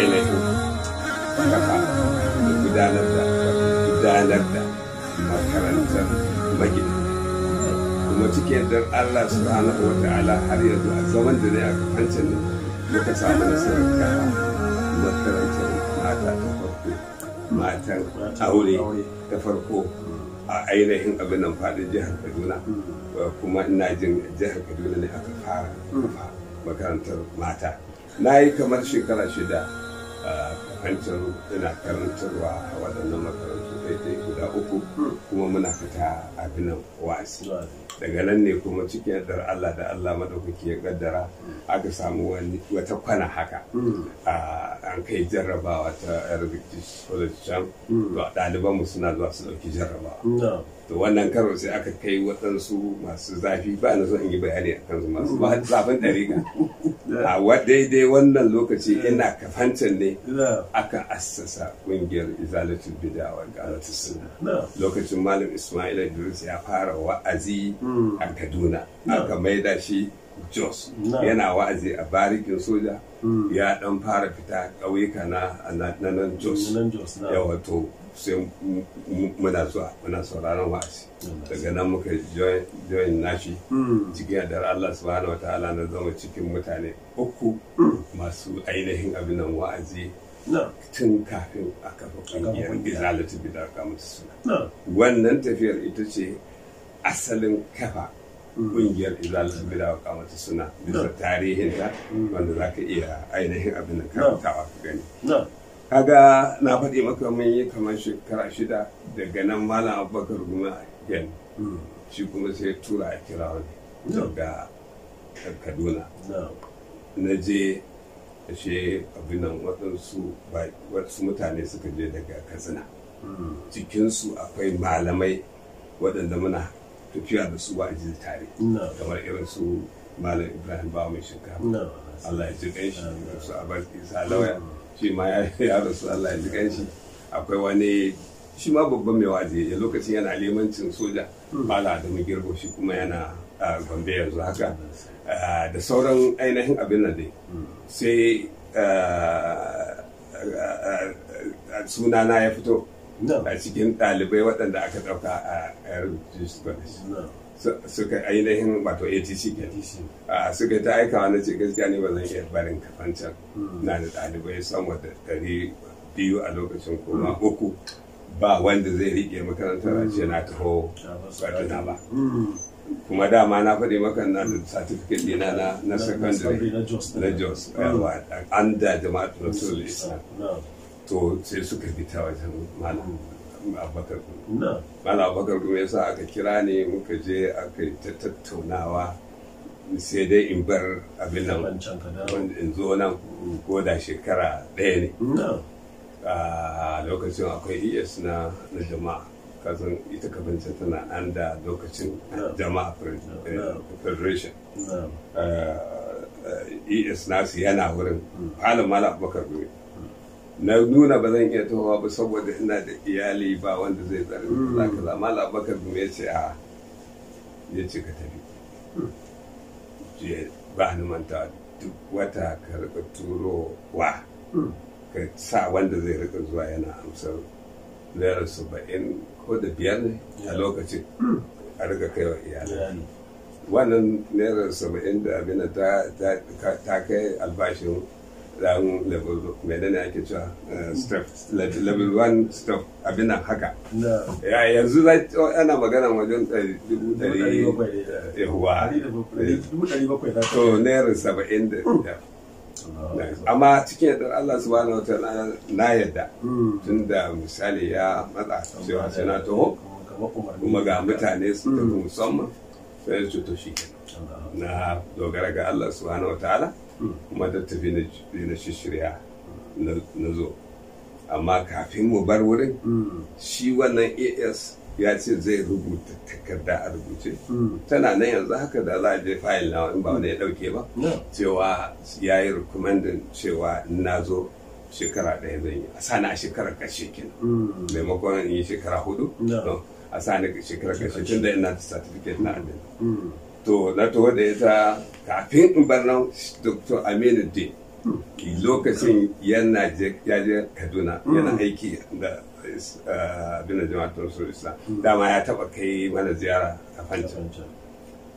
ainihin kafa da gudanar da gudanar da makarantar magina kuma cikin yardar Allah subhanahu wa ta'ala har yanzu a zaman da ne a kafancin nan muka samu nasarar kafa makarantar mata ta farko matan aure ta farko a ainihin abin nan faɗin jihar kaduna kuma ina jin jihar kaduna ne aka fara makarantar mata na yi kamar shekara shida kafancin ina karantarwa a waɗannan makarantu daidai guda uku kuma muna fita a binan wasi daga nan ne kuma cikin yardar Allah da Allah madaukaki ya kaddara aka samu wata kwana haka an kai jarrabawa ta yar British College can ɗaliban mu suna zuwa su ɗauki jarrabawa to wannan karo sai aka kai waɗansu masu zafi ba na in yi bayani a kansu masu zafin a daidai wannan lokaci ina kafancan ne aka assasa kungiyar izalatul bida wa galatu sunna lokacin malam ismaila idris ya fara wa'azi hmm. a kaduna aka da shi jos yana wa'azi a barikin soja hmm. ya dan fara fita ƙauyuka na nan jos ya wato sai muna zuwa muna sauraron wa'azi daga nan muka join nashi hmm. cikin yadda Allah subhanahu wataala na zama cikin mutane uku hmm. masu ainihin abin nan wa'azi tun kafin a kafa kungiyar izalatu bidar kamata suna wannan tafiyar ita ce asalin kafa kungiyar hmm. izalatu bidar kamata suna bisa tarihinta wanda za ka iya ainihin abin da karantawa ka gani kaga na faɗi maka mun yi kamar shekara shida daga nan malam abubakar guna gen hmm. shi kuma sai tura a kira wani daga kaduna na je she abinan waɗansu wasu mutane suka je daga katsina hmm. cikinsu akwai malamai waɗanda muna tafiya da su da tare kamar irin su malam ibrahim ba mai shinkafa allah ya ji ƙanshi su abar isa lauya. shi ma ya rasu Allah ya ji kanshi akwai wani shi ma babban mai waje ya lokacin yana limancin soja hmm. mala da mu girbo shi kuma yana gombe yanzu haka da sauran ainihin abin nan dai hmm. sai sunana ya fito a cikin ɗalibai waɗanda aka ɗauka a rubutu college suka ainihin wato atc ke suka ta aikawa na ce gaskiya ne ba zan iya barin kafancan hmm. na da ɗalibai san wata ɗari biyu a lokacin koma uku ba wanda zai riƙe makarantar a ce na hmm. taho na ba hmm. kuma dama na faɗi maka na da certificate dina na na secondary na jos an da jama'atul islam to sai suka fita wajen malamu abakar kuma bala abakar kuma aka kira ne muka je aka yi ta tattaunawa sai dai in bar abin nan in zo nan ko da shekara ɗaya ne a lokacin akwai es na jama'a kasan ita kafancin tana an da lokacin jama'a eh, federation es eh, eh, e nasu yana wurin halin hmm. mala abubakar gumi na nuna ba zan iya tahowa ba saboda ina da iyali ba wanda zai tsare hmm. ka zama labakar abakar me ce a ah, ya ce ka tafi hmm. ba ni manta duk wata ka rika turowa hmm. ka sa wanda zai rika zuwa yana amsar naira saba'in ko da biyar ne a lokacin a rika kai wa iyali wannan naira saba'in da abin ta kai albashin dan level mai dana ake cewa eh, step level 1 step abin haka ya yanzu za ta ana magana wajen dubu dari eh, yawa eh. to naira saba'in da hmm. ah. amma cikin yadda Allah subhanahu wa ta'ala na yadda hmm. tun da misali ya matsa cewa suna to kuma ga mutane su tafi hmm. musamman sai su to shi na dogara ga Allah subhanahu wa ta'ala kuma tafi na shishirya na zo amma kafin mu bar wurin shi wannan as ya ce zai rubuta takarda a rubuce tana nan yanzu haka da za a je fayil na in ba wani ya dauke ba cewa ya yi rikomendin cewa na zo shekara ɗaya zan yi a sani a shekarar kashe kenan maimakon yi shekara hudu a sani shekarar kashe tun da ina da certificate na adana to na to da ita kafin in bar nan dr aminu de hmm. lokacin yana je kaduna hmm. yana aiki da eh, abin da jama'atun hmm. dama ya taba kai mana ziyara a fancan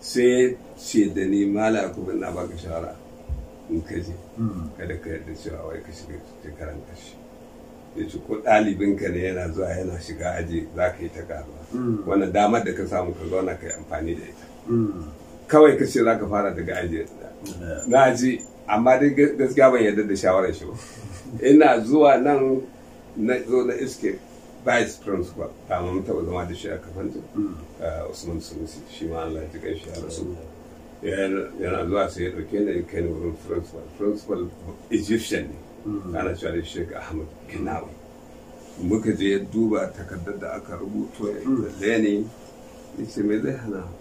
sai ce da ni mala kuma na baka shawara in ka je kada ka yarda cewa wai ka shiga shekaran kashi ya ce ko ɗalibinka ne yana zuwa yana shiga aji za ka yi ta gaba wannan damar da ka samu ka zauna ka yi amfani da ita kawai ka ce za ka fara daga aji na ji amma dai gaskiya ban yarda da shawarar shi ba ina zuwa nan na zo na iske vice principal ta mun taɓa zama da shi a kafan hmm. ah, usman sunusi shi ma Allah ji kan shi a rasu yana zuwa sai ya ɗauke ni kai ni wurin principal principal egyptian ne hmm. ana cewa da shek ahmad kinawa muka je ya duba takardar da aka rubuto ya ne hmm. ya ce me zai hana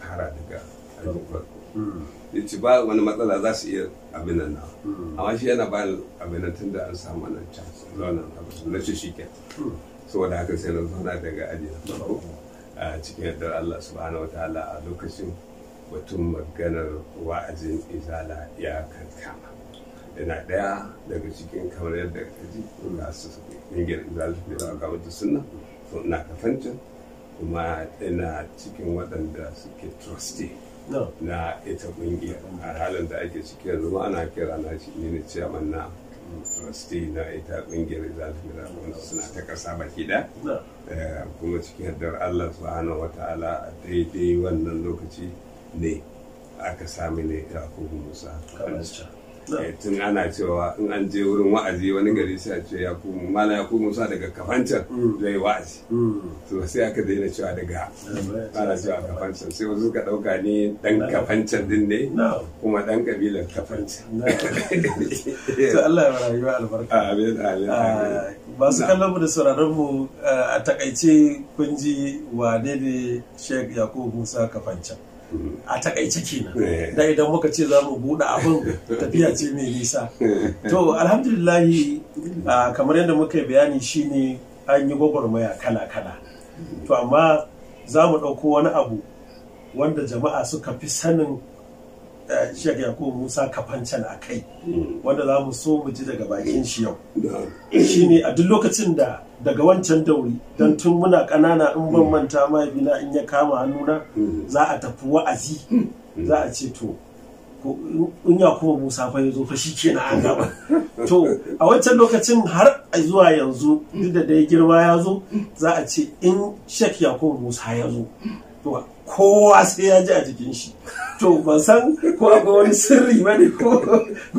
fara daga abin farko mm. ba wani matsala za su iya abin nan mm. amma shi yana bayan abin tun da an samu wannan chance zauna na shi shi mm. saboda haka sai na zauna daga aji na farko a cikin yardar Allah subhanahu wataala a lokacin batun maganar wa'azin izala ya kankama yana daya daga cikin kamar yadda ka ji da su ingiyar izala wata sunna Na ina kafancin kuma ina cikin waɗanda suke trusty na ita ƙungiyar a halin da ake ciki yanzu ma ana kira na shi ne ciyaman na trusty na ita ƙungiyar zafira wanda suna ta ƙasa baki da eh, kuma cikin yardar allah wata wata'ala a daidai wannan lokaci ne aka sami ne ko musa Eh, tun ana cewa in an je wurin wa'azi wani gari sai a ce ya kuma mala ya kuma sa daga kafancan mm. zai wa'azi mm. to sai aka daina cewa daga ana cewa kafancan sai wasu ka dauka ni dan kafancan din ne kuma dan kabilar kafancan to Allah ya rayuwa albarka amin amin ah, masu kallon mu da sauraron mu eh, a takaice kun ji wane ne Sheikh Yakubu Musa kafancan a takaice kenan eh. da idan muka ce za mu buɗe abin tafiya ce mai nisa eh. to alhamdulillahi kamar yadda muka yi bayani shine an yi gwagwarmaya kala-kala to amma za mu ɗauko wani abu wanda jama'a suka fi sanin eh, shek yakubu musa kafancan a kai hmm. wanda za mu so mu ji daga bakin shi yau shine a duk lokacin da daga wancan dauri don tun muna ƙanana in ban mm. manta mahaifina in ya kama hannuna mm. za a tafi wa'azi mm. za a ce to in ya kuma musa fa ya zo fa shi kenan an gaba to a wancan lokacin har a zuwa yanzu duk da ya girma ya zo za a ce in shek ya kuma musa ya zo kowa sai ya ji a jikin shi to ban san ko akwai wani sirri ba ne ko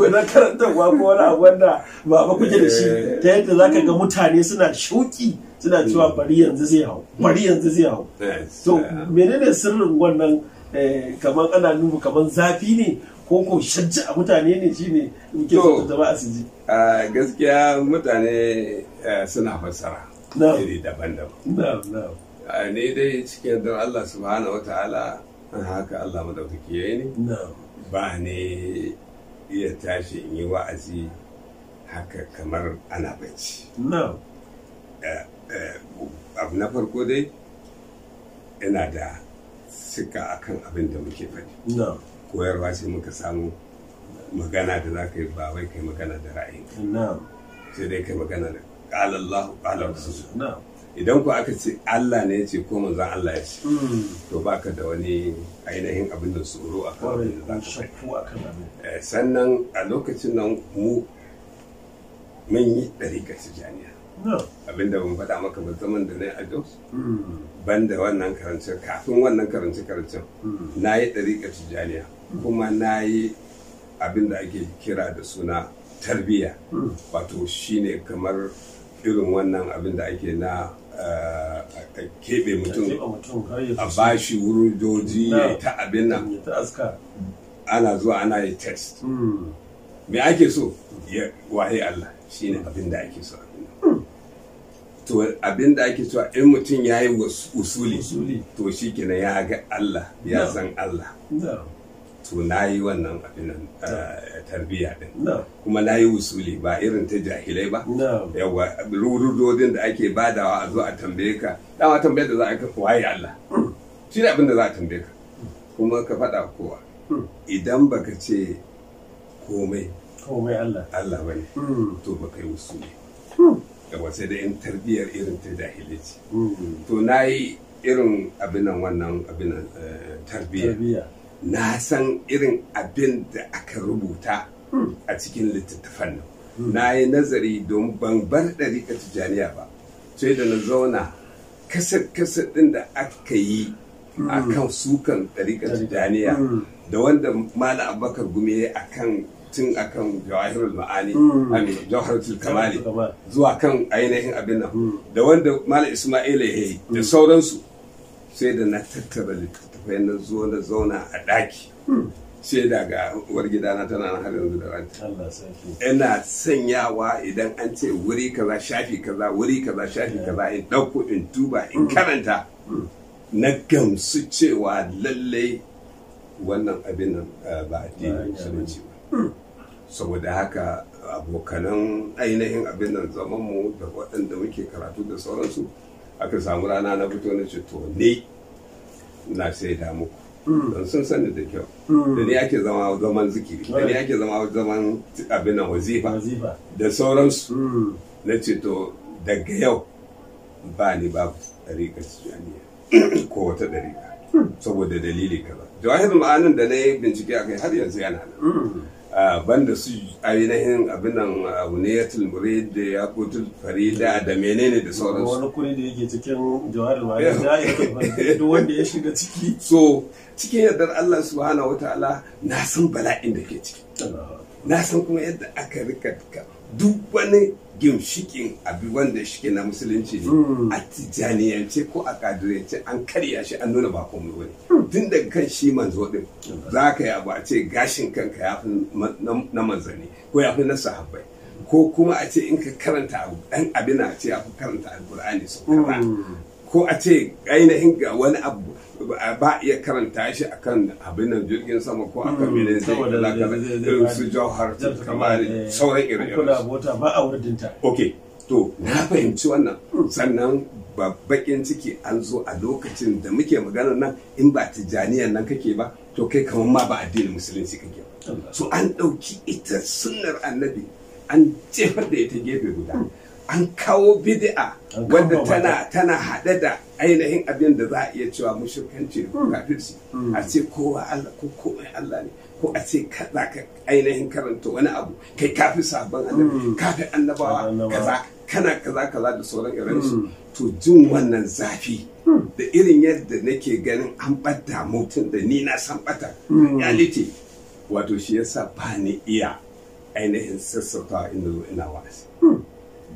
na karantarwa ko wani abu wanda ba ba kuke da shi ta yadda za ka ga mutane suna shuki suna cewa bari yanzu zai hau bari yanzu zai hau to menene sirrin wannan eh, kamar ana nubu kamar zafi ne ko ko shajja a mutane ne shi ne muke so ta ba su ji gaskiya mutane eh, suna fassara iri daban-daban ne dai cikin don Allah subhanahu wa ta'ala haka Allah madaukaki ya yi ne ba ne iya tashi in yi wa'azi haka kamar ana bacci eh, eh, abu na farko dai yana da sika akan abin da muke faɗi koyarwa sai muka samu magana da za ka yi ba wai kai magana da ra'ayinka sai dai kai magana da ƙalallahu ƙalar su idan ku aka ce Allah ne ya ce ko manzon Allah ya ce hmm. to baka da wani ainihin abin da tsoro a kan abin da kan ka eh, sannan a lokacin nan mu mun yi ɗariƙar tijaniya abinda ban faɗa maka ba zaman da na yi a Jos hmm. ban da wannan karancin kafin wannan karancin karancin hmm. na yi ɗariƙar tijaniya kuma na yi abin da ake kira da suna tarbiyya wato shine kamar irin wannan abin da ake na eh, keɓe mutum a bashi wurin doji ya yi ta abin nan ana zuwa ana yi test hmm. me ake so ya waye Allah ne abin da ake so to abin da ake cewa in mutum ya yi usuli to shi kenan ya ga Allah ya san Allah to na yi wannan abin eh, tarbiyya din kuma na yi wusuli ba irin ta jahilai ba yawa rudodin da ake badawa a zo a tambaye ka dawa tambaye da za a kafa waye Allah hmm. shi ne abin da za a tambaye ka hmm. kuma ka faɗa kowa hmm. idan baka ce komai komai Allah Allah bane to baka yi wusuli yawa sai da in tarbiyyar irin ta jahilai ce to na yi irin abinan wannan abinan eh, tarbiyya na san irin abin da aka rubuta hmm. a cikin littattafan nan hmm. na yi nazari don ban bar ɗarika tijaniya ba sai da na zauna kasar-kasar ɗin da aka yi hmm. a kan sukan ɗarika tijaniya da wanda mala abubakar gumi ya a kan tun a kan jawahirul ma'ani jawaharatul kamali zuwa kan ainihin abin nan da wanda mala isma'ila ya yi da sauransu sai da na tattara littattafai na zo na zauna a ɗaki hmm. sai daga uwar gidana tana nan har yanzu da ranta ina sanyawa idan an ce wuri kaza shafi kaza wuri kaza shafi kaza in ɗauko in tuba in hmm. karanta hmm. na gamsu cewa lallai wannan abin eh, ba a musulunci ba saboda haka abokanan ainihin abin nan mu da waɗanda muke karatu da sauransu aka samu rana na fito na ce to ne na shaida muku hmm. don sun sani da kyau hmm. da ni ake zama zaman zikiri da ni ake zama zaman abin na wazifa da sauransu hmm. na ceto daga yau ba ni babu ɗariƙa tijaniya ko wata dariƙa saboda dalili kaza jawahir ma'anin da na yi bincike a kai har yanzu yana nan Ah, banda su ainihin abin nan wuniyatul ah, murid da ya kotul farida da menene da sauransu wani kuri da yake cikin jawarin da ya da wanda ya shiga ciki so cikin yardar Allah subhanahu wataala na san bala'in da ke ciki na san kuma yadda aka rika duk wani ginshikin abu wanda shike na musulunci ne hmm. a tijaniyance ko a kadirance an karya shi an nuna bakon komai wani hmm. tun daga kan shi manzo din hmm. za ka yi abu a ce gashin kanka ya fi na manzanni ko ya fi na sahabbai ko kuma a ce in ka karanta abu dan abin a ce ya fi karanta alkur'ani su kara ko a ce ainihin ga wani abu ba iya karanta shi akan abin nan jirgin sama ko akan hmm, mene zai su jauhar kamar sauran irin ba eh, a wurdinta ok to na fahimci wannan sannan babbakin ciki an zo a lokacin da muke maganar nan in ba tijjaniyar nan kake ba to kai kamar ma ba addinin musulunci kake ba so an ɗauki ita sunnar annabi an jefar da ita gefe guda an kawo bid'a wadda tana tana haɗe da ainihin abin da za a iya cewa mushrikanci da hmm. kafirci hmm. a ce kowa Allah ko komai Allah ne ko a ce za ka ainihin karanta wani abu kai kafin sabon annabi hmm. kafin annabawa kaza kana kaza kaza da sauran irin su to jin wannan zafi da irin yadda nake ganin an bada mutum da ni na san bata reality wato shi yasa ba ni iya ainihin sassautawa inda zo ina wa'azi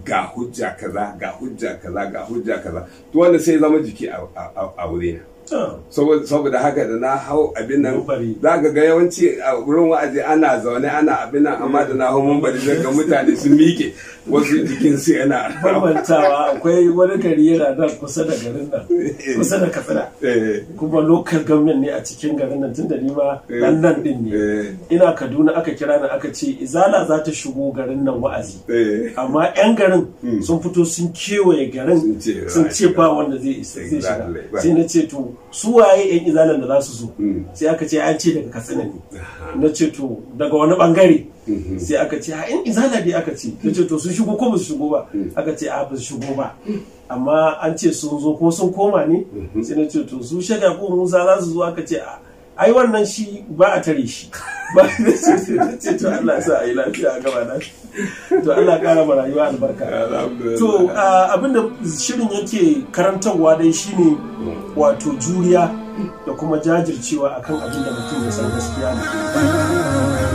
ga hujja kaza ga hujja kaza ga hujja kaza to wanda sai zama jiki a wurina saboda haka da na hau abin nan za ka ga yawanci a wurin wa'azi ana zaune ana abin nan amma da na hau mambari zai ga mutane sun miƙe wasu jikin su yana bambantawa akwai wani gari yana nan kusa da garin nan eh. kusa da kafira eh. kuma lokal government ne a cikin garin nan tun da ni ma eh. dan nan din ne ina kaduna aka kira ni aka ce izala za ta shigo garin nan wa'azi amma yan garin hmm. sun fito sun kewaye garin sun ce ba wanda zai shiga sai na ce to su waye yan izalan da za su zo hmm. sai aka ce an ce daga katsina ne na ce to daga wani bangare hmm. sai aka ce yan izala ne aka ce na ce to sun shigo ko ba su shigo ba hmm. aka ce a ba su shigo ba amma an ce sun zo ko sun koma ne sai na ce to su shaga ko musa za su zo aka ce a ai wannan shi ba a tare shi ba a ce to Allah sa a yi lafiya a gaba na to Allah kara ma rayuwa albarka to abinda shirin yake karantarwa dai shine wato juriya da kuma jajircewa akan abinda mutum ya san gaskiya ne